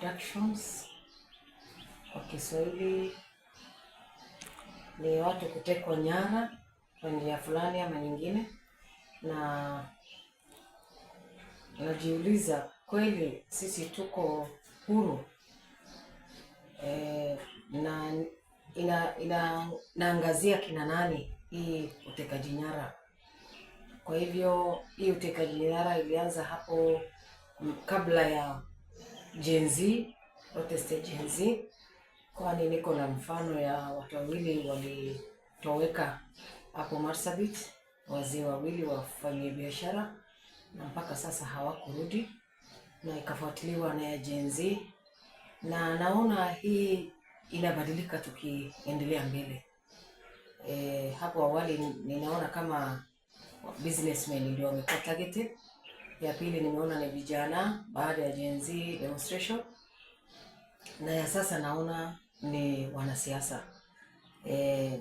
Productions kwa Kiswahili ni watu kutekwa nyara kwa njia fulani ama nyingine, na najiuliza kweli sisi tuko huru e, na ina, ina, naangazia kina nani hii utekaji nyara? Kwa hivyo hii utekaji nyara ilianza hapo kabla ya Gen Z, Protestant Gen Z, kwani niko na mfano ya watu wawili walitoweka hapo Marsabit, wazee wawili wafanyia biashara na mpaka sasa hawakurudi, na ikafuatiliwa na ya Gen Z, na naona hii inabadilika tukiendelea mbele. E, hapo awali ninaona kama businessmen ndio wamekuwa targeted ya pili nimeona ni vijana baada ya Gen Z demonstration, na ya sasa naona ni wanasiasa. E,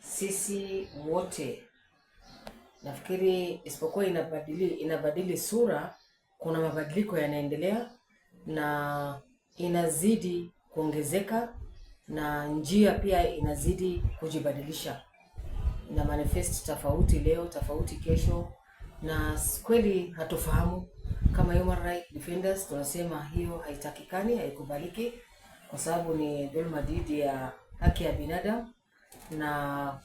sisi wote nafikiri isipokuwa inabadili inabadili sura, kuna mabadiliko yanaendelea na inazidi kuongezeka na njia pia inazidi kujibadilisha, na manifest tofauti leo tofauti kesho na kweli hatufahamu kama human right defenders, tunasema hiyo haitakikani, haikubaliki kwa sababu ni dhulma dhidi ya haki ya binadamu. Na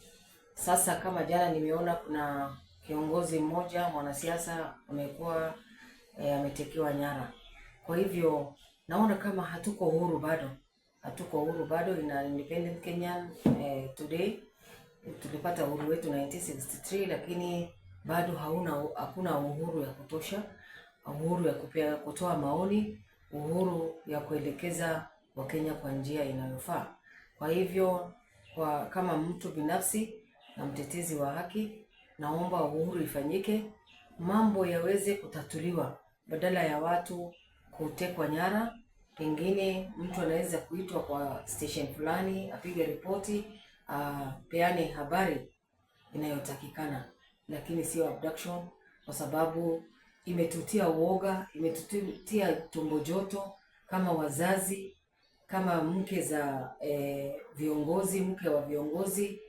sasa kama jana nimeona kuna kiongozi mmoja mwanasiasa amekuwa e, ametekewa nyara. Kwa hivyo naona kama hatuko uhuru bado, hatuko uhuru bado. Ina independent Kenyan e, today tulipata uhuru wetu 1963 lakini bado hauna hakuna uhuru ya kutosha, uhuru ya kupia, kutoa maoni, uhuru ya kuelekeza Wakenya kwa njia inayofaa. Kwa hivyo kwa kama mtu binafsi na mtetezi wa haki, naomba uhuru ifanyike, mambo yaweze kutatuliwa badala ya watu kutekwa nyara. Pengine mtu anaweza kuitwa kwa station fulani apige ripoti, apeane habari inayotakikana lakini sio abduction, kwa sababu imetutia uoga, imetutia tumbo joto kama wazazi, kama mke za e, viongozi, mke wa viongozi,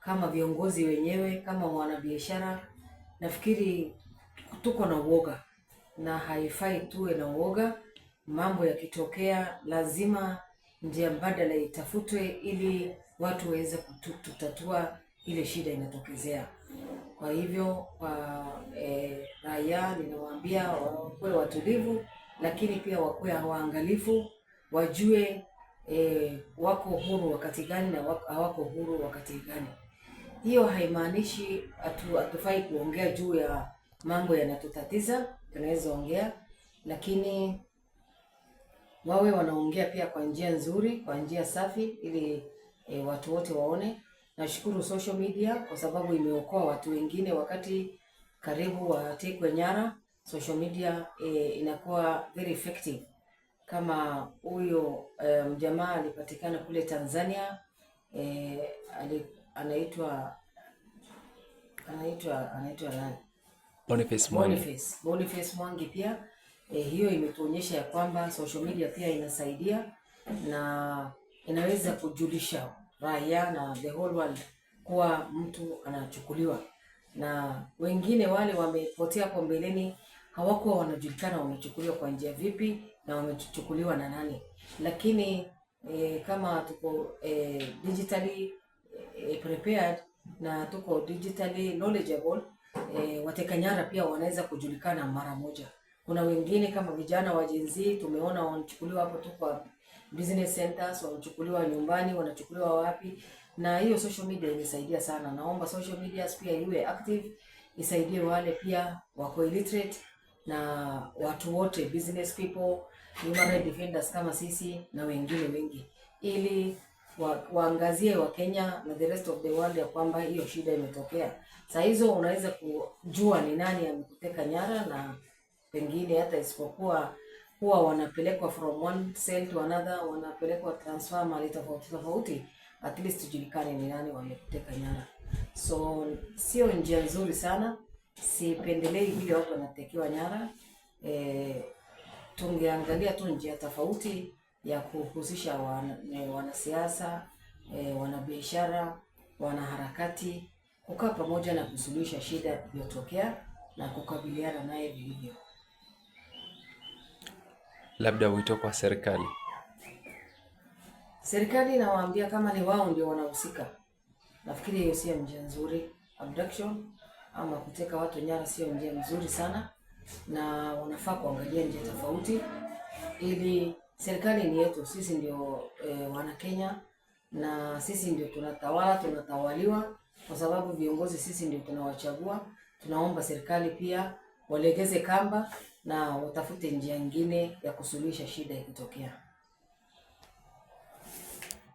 kama viongozi wenyewe, kama wanabiashara. Nafikiri tuko na uoga na haifai tuwe na uoga. Mambo yakitokea, lazima njia mbadala itafutwe ili watu waweze kututatua ile shida inatokezea. Kwa hivyo kwa e, raia ninawaambia wakuwe watulivu, lakini pia wakuwe waangalifu, wajue e, wako huru wakati gani na hawako huru wakati gani. Hiyo haimaanishi hatufai kuongea juu ya mambo yanatutatiza, tunaweza ongea, lakini wawe wanaongea pia kwa njia nzuri, kwa njia safi, ili e, watu wote waone Nashukuru social media kwa sababu imeokoa watu wengine wakati karibu watekwe nyara. Social media e, inakuwa very effective. Kama huyo e, mjamaa alipatikana kule Tanzania e, ali, anaitwa anaitwa anaitwa nani? Boniface Mwangi. Boniface, Boniface Mwangi pia e, hiyo imetuonyesha ya kwamba social media pia inasaidia na inaweza kujulisha raia na the whole world kuwa mtu anachukuliwa, na wengine wale wamepotea hapo mbeleni hawakuwa wanajulikana wamechukuliwa kwa njia vipi na wamechukuliwa na nani, lakini e, kama tuko e, digitally e, prepared na tuko digitally knowledgeable e, watekanyara pia wanaweza kujulikana mara moja. Kuna wengine kama vijana wa Gen tumeona wanachukuliwa hapo tu kwa business centers, wanachukuliwa nyumbani, wanachukuliwa wapi, na hiyo social media imesaidia sana. Naomba social media pia iwe active, isaidie wale pia wako illiterate na watu wote, business people, human rights defenders kama sisi na wengine wengi, ili wa, waangazie wa Kenya na the rest of the world ya kwamba hiyo shida imetokea. Sasa hizo unaweza kujua ni nani amekuteka nyara, na pengine hata isipokuwa huwa wanapelekwa from one cell to another, wanapelekwa transfer mali tofauti tofauti, at least tujulikane ni nani wamekuteka nyara. So sio njia nzuri sana, sipendelei vile watu wanatekewa nyara. E, tungeangalia tu njia tofauti ya kuhusisha eh, wanasiasa, e, wanabiashara, wanaharakati kukaa pamoja na kusuluhisha shida iliyotokea na kukabiliana naye vilivyo labda wito kwa serikali. Serikali inawaambia kama ni wao ndio wanahusika, nafikiri hiyo sio njia nzuri. Abduction ama kuteka watu nyara sio njia nzuri sana, na wanafaa kuangalia njia tofauti, ili serikali ni yetu sisi, ndio e, wana Kenya na sisi ndio tunatawala, tunatawaliwa kwa sababu viongozi sisi ndio tunawachagua. Tunaomba serikali pia walegeze kamba na watafute njia nyingine ya kusuluhisha shida ikitokea.